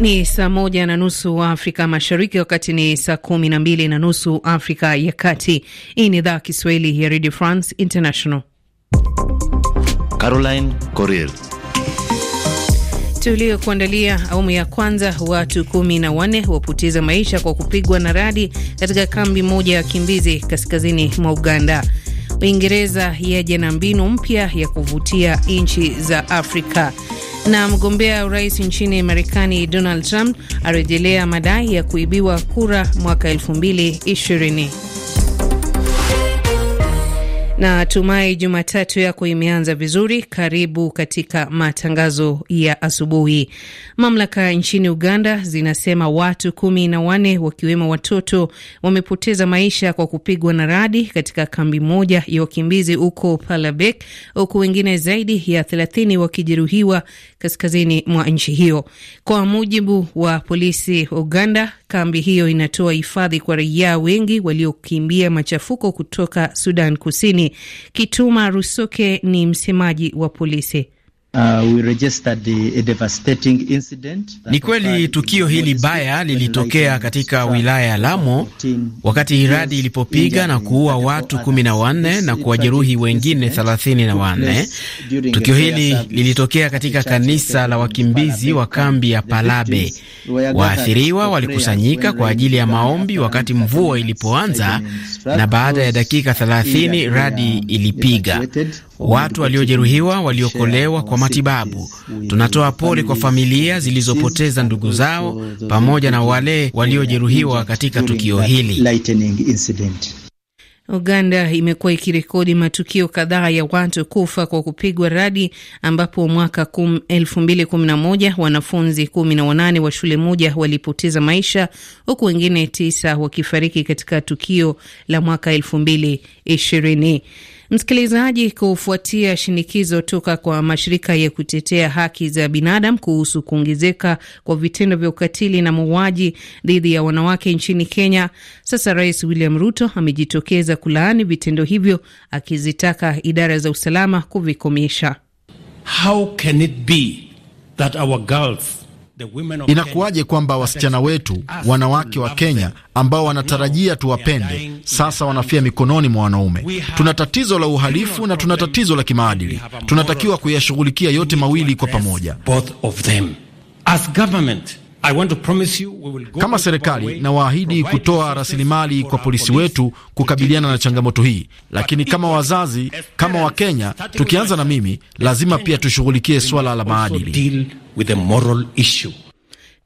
Ni saa moja na nusu Afrika Mashariki, wakati ni saa kumi na mbili na nusu Afrika ya Kati. Hii ni idhaa Kiswahili ya Radio France International. Caroline Corrier tuliokuandalia awamu ya kwanza. Watu kumi na wanne wapoteza maisha kwa kupigwa na radi katika kambi moja ya wakimbizi kaskazini mwa Uganda. Uingereza yaja na mbinu mpya ya kuvutia nchi za Afrika. Na mgombea urais nchini Marekani Donald Trump arejelea madai ya kuibiwa kura mwaka e220 na tumai Jumatatu yako imeanza vizuri. Karibu katika matangazo ya asubuhi. Mamlaka nchini Uganda zinasema watu kumi na wanne wakiwemo watoto wamepoteza maisha kwa kupigwa na radi katika kambi moja ya wakimbizi huko Palabek, huku wengine zaidi ya thelathini wakijeruhiwa kaskazini mwa nchi hiyo. Kwa mujibu wa polisi Uganda, kambi hiyo inatoa hifadhi kwa raia wengi waliokimbia machafuko kutoka Sudan Kusini. Kituma Rusuke ni msemaji wa polisi. Uh, Ni kweli tukio hili baya lilitokea katika wilaya ya Lamu wakati radi ilipopiga na kuua watu kumi na wanne na kuwajeruhi wengine thelathini na wanne. Tukio hili lilitokea katika kanisa la wakimbizi wa kambi ya Palabe. Waathiriwa walikusanyika kwa ajili ya maombi wakati mvua ilipoanza, na baada ya dakika thelathini radi ilipiga watu waliojeruhiwa waliokolewa kwa matibabu. Tunatoa pole kwa familia zilizopoteza ndugu zao pamoja na wale waliojeruhiwa katika tukio hili. Uganda imekuwa ikirekodi matukio kadhaa ya watu kufa kwa kupigwa radi ambapo mwaka 2011 wanafunzi 18 wa shule moja walipoteza maisha huku wengine tisa wakifariki katika tukio la mwaka 2020. Msikilizaji, kufuatia shinikizo toka kwa mashirika ya kutetea haki za binadamu kuhusu kuongezeka kwa vitendo vya ukatili na mauaji dhidi ya wanawake nchini Kenya, sasa Rais William Ruto amejitokeza kulaani vitendo hivyo, akizitaka idara za usalama kuvikomesha. How can it be that our Inakuwaje kwamba wasichana wetu, wanawake wa Kenya ambao wanatarajia tuwapende, sasa wanafia mikononi mwa wanaume? Tuna tatizo la uhalifu na tuna tatizo la kimaadili. Tunatakiwa kuyashughulikia yote mawili kwa pamoja. Kama serikali nawaahidi kutoa rasilimali kwa polisi wetu kukabiliana na changamoto hii, lakini kama wazazi, kama Wakenya, tukianza na mimi, lazima pia tushughulikie swala la maadili.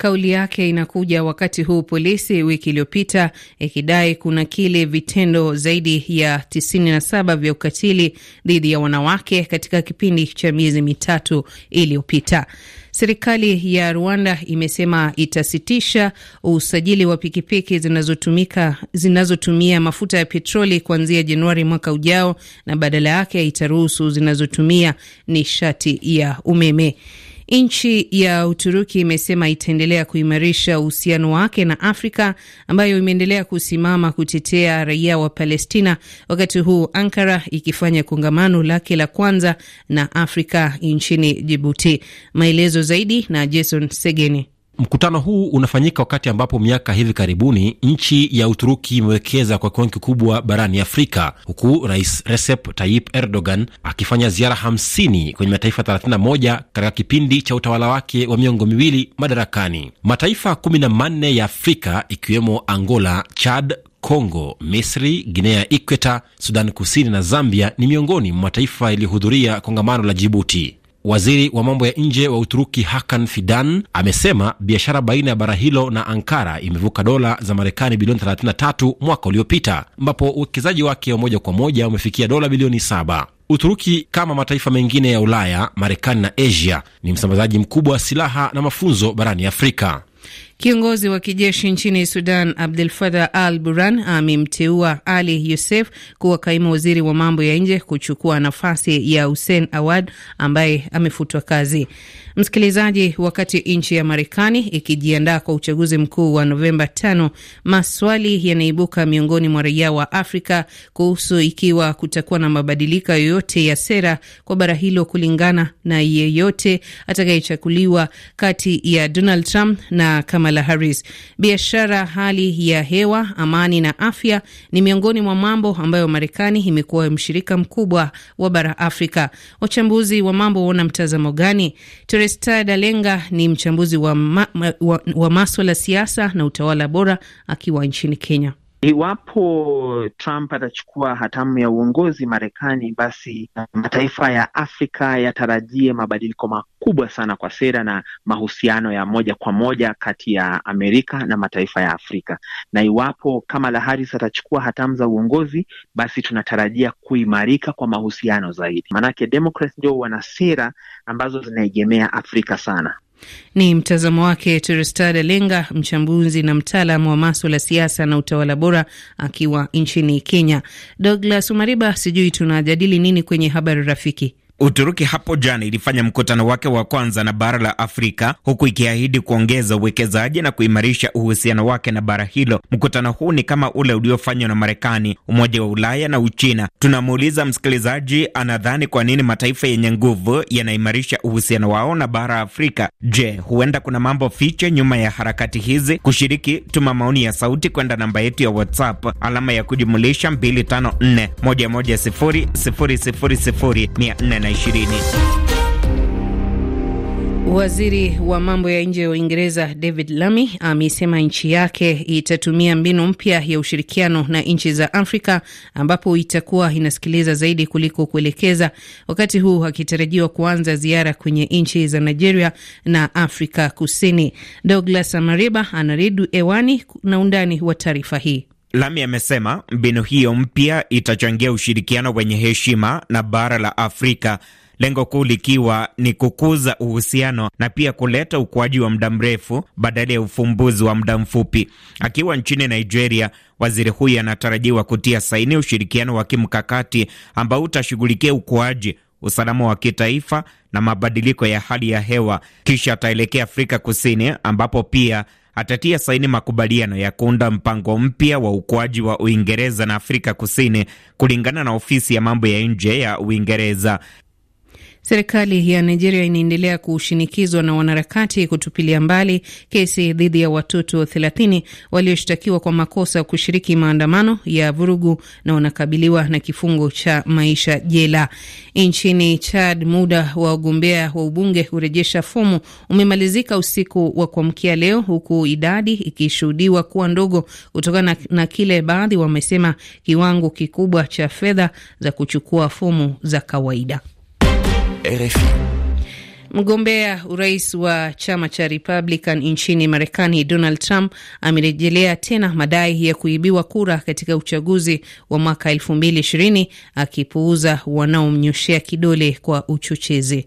Kauli yake inakuja wakati huu polisi wiki iliyopita ikidai kuna kile vitendo zaidi ya 97 vya ukatili dhidi ya wanawake katika kipindi cha miezi mitatu iliyopita. Serikali ya Rwanda imesema itasitisha usajili wa pikipiki zinazotumika zinazotumia mafuta ya petroli kuanzia Januari mwaka ujao, na badala yake itaruhusu zinazotumia nishati ya umeme. Nchi ya Uturuki imesema itaendelea kuimarisha uhusiano wake na Afrika ambayo imeendelea kusimama kutetea raia wa Palestina, wakati huu Ankara ikifanya kongamano lake la kwanza na Afrika nchini Jibuti. Maelezo zaidi na Jason Segeni. Mkutano huu unafanyika wakati ambapo miaka hivi karibuni nchi ya Uturuki imewekeza kwa kiwango kikubwa barani Afrika, huku Rais Recep Tayyip Erdogan akifanya ziara 50 kwenye mataifa 31 katika kipindi cha utawala wake wa miongo miwili madarakani. Mataifa 14 ya Afrika ikiwemo Angola, Chad, congo Misri, Guinea equeta Sudan Kusini na Zambia ni miongoni mwa mataifa yaliyohudhuria kongamano la Jibuti. Waziri wa mambo ya nje wa Uturuki Hakan Fidan amesema biashara baina ya bara hilo na Ankara imevuka dola za Marekani bilioni 33 mwaka uliopita, ambapo uwekezaji wake wa moja kwa moja umefikia dola bilioni saba. Uturuki kama mataifa mengine ya Ulaya, Marekani na Asia ni msambazaji mkubwa wa silaha na mafunzo barani Afrika. Kiongozi wa kijeshi nchini Sudan abdul fatah al buran amemteua Ali Yusef kuwa kaimu waziri wa mambo ya nje kuchukua nafasi ya Hussein Awad ambaye amefutwa kazi. Msikilizaji, wakati nchi ya Marekani ikijiandaa kwa uchaguzi mkuu wa Novemba 5, maswali yanaibuka miongoni mwa raia wa Afrika kuhusu ikiwa kutakuwa na mabadiliko yoyote ya sera kwa bara hilo kulingana na yeyote atakayechaguliwa kati ya Donald Trump na Kamala Kamala Harris. Biashara, hali ya hewa, amani na afya ni miongoni mwa mambo ambayo Marekani imekuwa mshirika mkubwa wa bara Afrika. Wachambuzi wa mambo wana mtazamo gani? Teresta Dalenga ni mchambuzi wa, ma, wa, wa maswala siasa na utawala bora akiwa nchini Kenya. Iwapo Trump atachukua hatamu ya uongozi Marekani, basi mataifa ya Afrika yatarajie mabadiliko makubwa sana kwa sera na mahusiano ya moja kwa moja kati ya Amerika na mataifa ya Afrika. Na iwapo Kamala Harris atachukua hatamu za uongozi, basi tunatarajia kuimarika kwa mahusiano zaidi, maanake Democrats ndio wana sera ambazo zinaegemea Afrika sana. Ni mtazamo wake Terestad Lenga, mchambuzi na mtaalamu wa maswala ya siasa na utawala bora, akiwa nchini Kenya. Douglas Umariba, sijui tunajadili nini kwenye habari rafiki? Uturuki hapo jana ilifanya mkutano wake wa kwanza na bara la Afrika huku ikiahidi kuongeza uwekezaji na kuimarisha uhusiano wake na bara hilo. Mkutano huu ni kama ule uliofanywa na Marekani, Umoja wa Ulaya na Uchina. Tunamuuliza msikilizaji anadhani kwa nini mataifa yenye nguvu yanaimarisha uhusiano wao na bara Afrika. Je, huenda kuna mambo fiche nyuma ya harakati hizi? Kushiriki, tuma maoni ya sauti kwenda namba yetu ya WhatsApp alama ya kujumulisha 254 110 000 400 Waziri wa mambo ya nje ya Uingereza David Lammy amesema nchi yake itatumia mbinu mpya ya ushirikiano na nchi za Afrika ambapo itakuwa inasikiliza zaidi kuliko kuelekeza, wakati huu akitarajiwa kuanza ziara kwenye nchi za Nigeria na Afrika Kusini. Douglas Amariba anaridu ewani na undani wa taarifa hii. Lami amesema mbinu hiyo mpya itachangia ushirikiano wenye heshima na bara la Afrika, lengo kuu likiwa ni kukuza uhusiano na pia kuleta ukuaji wa muda mrefu badala ya ufumbuzi wa muda mfupi. Akiwa nchini Nigeria, waziri huyu anatarajiwa kutia saini ushirikiano wa kimkakati ambao utashughulikia ukuaji usalama wa kitaifa na mabadiliko ya hali ya hewa. Kisha ataelekea Afrika Kusini ambapo pia atatia saini makubaliano ya kuunda mpango mpya wa ukuaji wa Uingereza na Afrika Kusini, kulingana na ofisi ya mambo ya nje ya Uingereza. Serikali ya Nigeria inaendelea kushinikizwa na wanaharakati kutupilia mbali kesi dhidi ya watoto 30 walioshtakiwa kwa makosa kushiriki maandamano ya vurugu na wanakabiliwa na kifungo cha maisha jela. Nchini Chad, muda wa ugombea wa ubunge kurejesha fomu umemalizika usiku wa kuamkia leo, huku idadi ikishuhudiwa kuwa ndogo kutokana na kile baadhi wamesema kiwango kikubwa cha fedha za kuchukua fomu za kawaida. RFI. Mgombea urais wa chama cha Republican nchini Marekani, Donald Trump amerejelea tena madai ya kuibiwa kura katika uchaguzi wa mwaka 2020 akipuuza wanaomnyoshea kidole kwa uchochezi.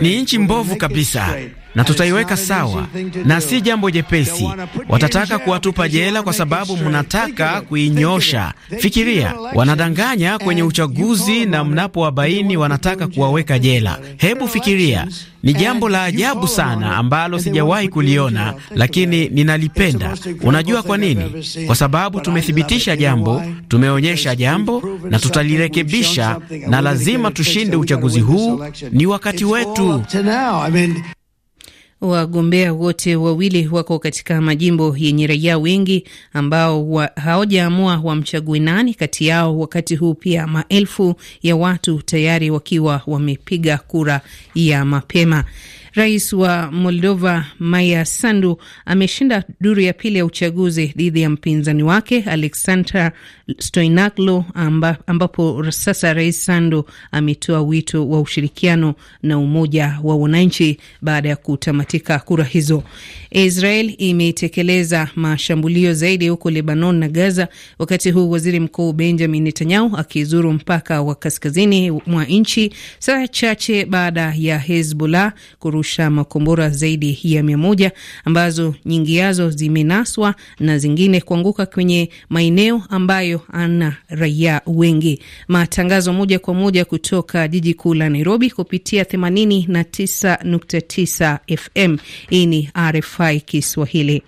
Ni nchi mbovu kabisa na tutaiweka sawa, na si jambo jepesi. Watataka kuwatupa jela kwa sababu mnataka kuinyosha. Fikiria, wanadanganya kwenye uchaguzi na mnapowabaini wanataka kuwaweka jela. Hebu fikiria, ni jambo la ajabu sana ambalo sijawahi kuliona, lakini ninalipenda. Unajua kwa nini? Kwa sababu tumethibitisha jambo, tumeonyesha jambo na tutalirekebisha, na lazima lazima tushinde uchaguzi huu, ni wakati wetu. Wagombea wote wawili wako katika majimbo yenye raia wengi ambao wa hawajaamua wamchague nani kati yao, wakati huu pia maelfu ya watu tayari wakiwa wamepiga kura ya mapema. Rais wa Moldova Maya Sandu ameshinda duru ya pili ya uchaguzi dhidi ya mpinzani wake Alexander Stoinaglo, amba, ambapo sasa Rais Sandu ametoa wito wa ushirikiano na umoja wa wananchi baada ya kutamatika kura hizo. Israel imetekeleza mashambulio zaidi huko Lebanon na Gaza, wakati huu waziri mkuu Benjamin Netanyahu akizuru mpaka wa kaskazini mwa nchi saa chache baada ya Hezbollah kurusha kurusha makombora zaidi ya mia moja ambazo nyingi yazo zimenaswa na zingine kuanguka kwenye maeneo ambayo ana raia wengi. Matangazo moja kwa moja kutoka jiji kuu la Nairobi kupitia 89.9 FM. Hii ni RFI Kiswahili.